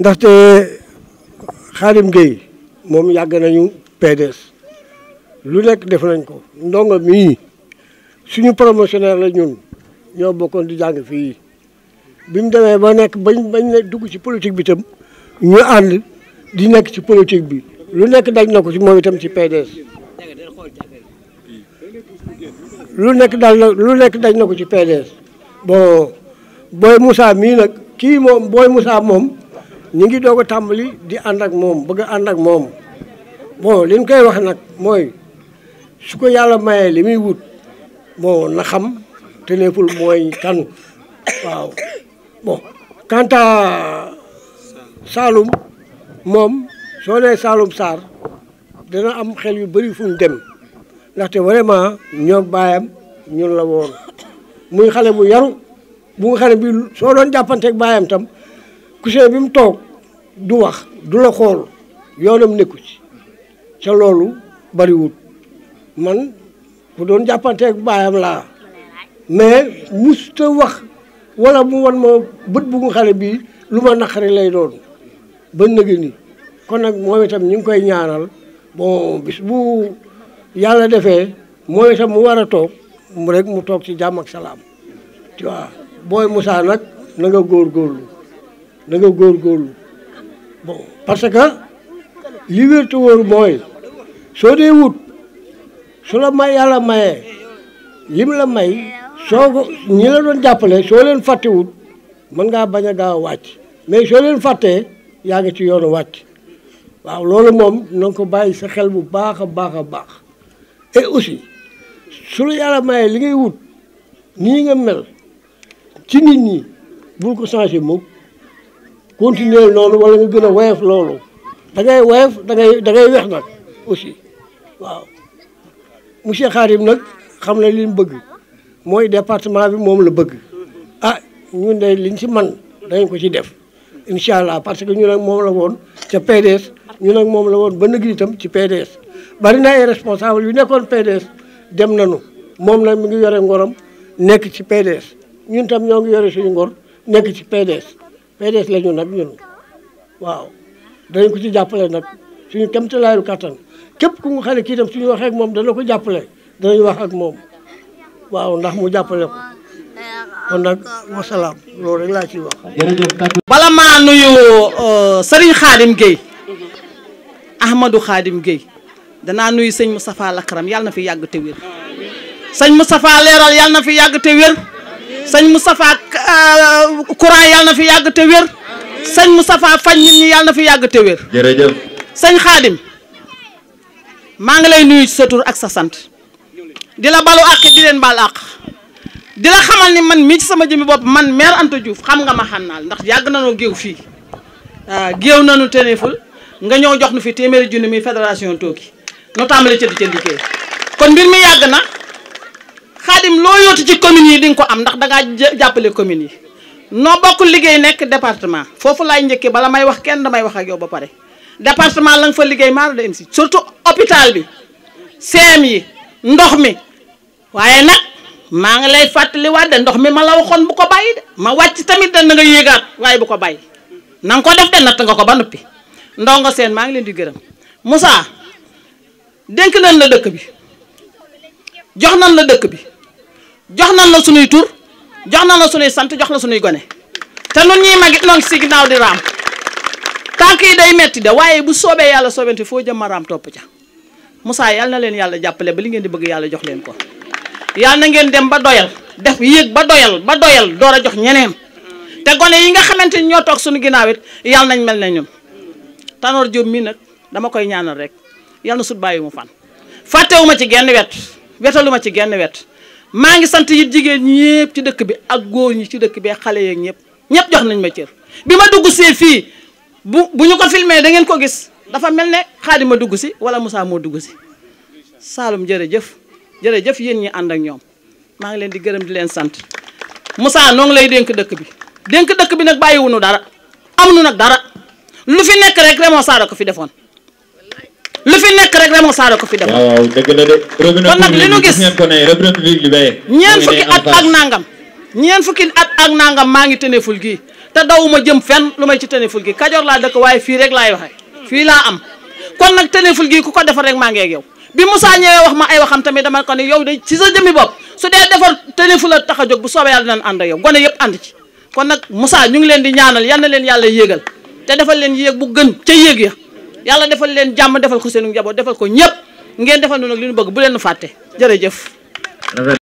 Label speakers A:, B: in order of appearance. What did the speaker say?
A: ndaxte xarim Gueye moom yàgg nañu PDS lu nekk def nañ ko ndongo mii suñu promotionnaire la ñun ñoo bokkoon di jàng fii bi mu demee ba nekk bañ bañ ne dugg ci politique bi tam ñu ànd di nekk ci politique bi lu nekk daj na ko ci moom itam ci PDS lu nekk dal na lu nekk daj na ko ci PDS bon booy Moussa mii nag kii moom booy Moussa moom ñu ngi doog a tàmbali di ànd ak moom bëgg a ànd ak moom bon li ñu koy wax nag mooy su ko yàlla mayee li muy wut bon na xam te nekkul mooy kan waaw bon quant à Saloum moom soo nee Saloum Sarr dana am xel yu bëri fu ñu dem ndaxte vraiment ñoo baayam ñun la woon muy xale bu yaru bu xale bi soo doon jàppanteeg baayam tam cousin bi mu toog du wax du la xool yoonam nekku ci ca loolu bariwut man ku doon jàppanteeg baayam laa mais musta wax wala mu wan ma bët bu mu xale bii lu ma naqari lay doon ba nëgë ni kon nag moom itam ñu ngi koy ñaanal bon bis bu yàlla defee moom itam mu war a toog mu rek mu toog ci jàmm ak salaam tu vois booy Moussa nag na nga góorgóorlu na nga góorgóorlu parce que li wér te wóor mooy soo dee wut su la may yàlla mayee lim la may soo ko ñi la doon jàppale soo leen fàtte wut mën ngaa bañ a gaaw a wàcc mais soo leen fàttee yaa ngi ci yoonu wàcc waaw loolu moom na nga ko bàyyi sa xel bu baax a baax a baax et aussi su la yàlla li ngay wut nii nga mel ci nit ñi bul ko changé mukk continuer loolu walla nga gën a woyof loolu da ngay woyof da ngay weex nag aussi waaw monsieur Karim nag xam na li mu bëgg mooy département bi moom la bëgg ah ñun de liñ ci man dañ ko ci def incha allah parce que ñu nag moom la woon ca PDS ñu nag moom la woon ba nëg itam ci PDS bari na ay responsable yu nekkoon PDS dem nañu moom nag mu ngi yore ngoram nekk ci PDS ñun tam ñoo ngi yore suñu ngor nekk ci PDS PDS la ñu nag ñun waaw danañ ko ci jàppale nag suñu kéemtalaayu kattan képp ku nga xam kii dem si waxee ak moom dana ko jàppale danañ wax ak moom waaw ndax mu jàppale ko kon nag wasalaam loolu rek laa ciy wax. bala maa nuyu
B: euh, Serigne Khadim Gueye Ahmadou Khadim géey danaa nuyu sëñ Moustapha Lakaram yàlla na fi yàgg te wér sëñ Moustapha leeral yàlla na fi yàgg te sëñ Moustapha euh, courant yàlla na fi yàgg te wér sëñ Moustapha fañ nit ñi yàlla na fi yàgg te wér sañ sëñ Xaadim maa ngi lay nuyu ci sa tur ak sa sant di la balu àq di leen baal àq di la xamal ni man mii ci sama jëmmi bopp man maire Anta Diouf xam nga ma xam naal ndax yàgg nanoo géew fii euh, géew nu teneeful nga ñëw jox nu fi téeméeri junni mi fédération tooki nu tàmbali cëdd cëdd kon mbir mi yàgg na xaadim lo yootu ci commune yi ding ko am ndax nga jappelé commune yi no bokk liggéey nek département fofu lay ñëkke bala may wax kenn damay wax ak yow ba pare département la nga fa liggéey do MC surtout hôpital bi sem yi ndox mi waaye nak ma nga lay wa de ndox mi ma la waxon bu ko bàyyi de ma wacc tamit da nga yéegaat waaye bu ko bàyyi nang ko def de nat nga ko ba nopi ndongo sen ma ngi len di gërëm Moussa denk nan la dëkk bi jox nan la dëkk bi jox nañ la sunuy tur jox nañ la sunuy sant jox la sunuy gone te nun ñuy mag it noonu si ginnaaw di raam tànk yi day metti de waaye bu soobee yàlla soobente foo jëm ma raam topp ca Moussa yàlla na leen yàlla jàppale ba li ngeen di bëgg yàlla jox leen ko yàlla na ngeen dem ba doyal def yéeg ba doyal ba doyal door a jox ñeneen te gone yi nga xamante ni ñoo toog suñu ginnaaw it yàlla nañ mel na ñun tanoor Diop mii nag dama koy ñaanal rek yàlla na sut bàyyi mu fan fàttewuma ci genn wet wetaluma ci genn wet maa ngi sant yit jigen ñepp ci dëkk bi ak goor ñi ci dëkk bi xalé xale ñepp ñepp jox nañ ma cër bima dugg ci fi bu ko filmé da ngeen ko gis dafa melne khadima dugg si wala musa mo dugg si jëf jere jëf yeen ñi and ak ñom ma ngi leen di gërëm di leen sant musa no ngi lay denk dëkk bi denk dëkk bi nak bayiwunu dara amnu nak dara lu fi nek rek sa da ko fi defone lu fi nekk rek Raymond Sarr ko fi def. waaw
A: dëgg la de. kon nag li nu gis ñeent fukki at ak
B: nangam. ñeen fukki at ak nangam maa ngi Tëneful gii te dawuma jëm fen lu may ci Tëneful gii Kajoor laa dëkk waaye fii rek laay waxee fii laa am kon nag Tëneful gii ku ko defar rek maa ngi ak yow. bi Moussa ñëwee wax ma ay waxam tamit dama ko ne yow de ci sa jëmmi bopp su dee defar Tëneful la tax a jóg bu soobee yàlla dinañ ànd ak yow gone yëpp ànd ci kon nag Moussa ñu ngi leen di ñaanal yan na leen yàlla yéegal te defal leen yéeg bu gën ca yéeg yàlla defal leen jàmm defal ko seenu njaboot defal ko ñëpp ngeen defal nu nag li ñu bëgg bu leen fàtte jërëjëf